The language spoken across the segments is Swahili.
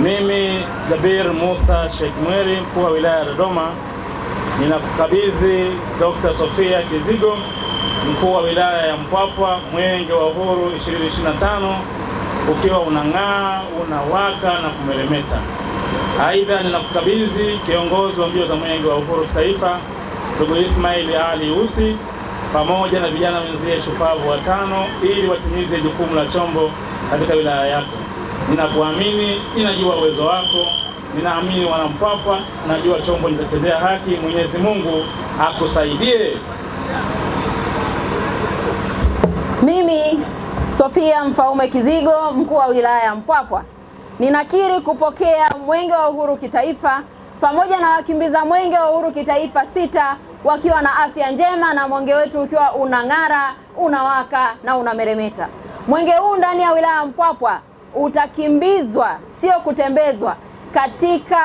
Mimi Jabir Musa Sheikh Mweri, mkuu wa wilaya ya Dodoma. ninakukabidhi Dr. Sofia Kizigo, mkuu wa wilaya ya Mpwapwa, Mwenge wa Uhuru 2025 ukiwa unang'aa, unawaka na kumeremeta. Aidha, ninakukabidhi kiongozi wa mbio za Mwenge wa Uhuru Taifa, ndugu Ismail Ali Usi, pamoja na vijana wenzie shupavu watano, ili watimize jukumu la chombo katika wilaya yako. Ninakuamini, ninajua uwezo wako ninaamini Wanampwapwa, najua chombo nitatendea haki. Mwenyezi Mungu akusaidie. Mimi Sofia Mfaume Kizigo, mkuu wa wilaya ya Mpwapwa, ninakiri kupokea Mwenge wa Uhuru Kitaifa pamoja na wakimbiza Mwenge wa Uhuru Kitaifa sita wakiwa na afya njema na mwenge wetu ukiwa unang'ara, unawaka na unameremeta. Mwenge huu ndani ya wilaya ya Mpwapwa utakimbizwa, sio kutembezwa katika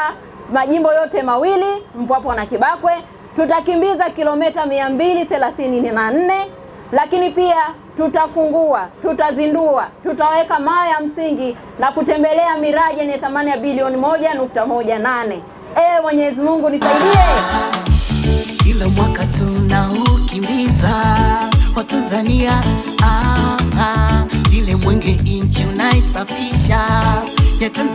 majimbo yote mawili Mpwapwa na Kibakwe. Tutakimbiza kilomita 234 lakini pia tutafungua, tutazindua, tutaweka mawe ya msingi na kutembelea miradi yenye thamani ya bilioni 1.18. Ee Mwenyezi Mungu nisaidie. Kila mwaka tunaukimbiza Watanzania ah, ah, mwenge inchi unaisafisha ya Tanzania.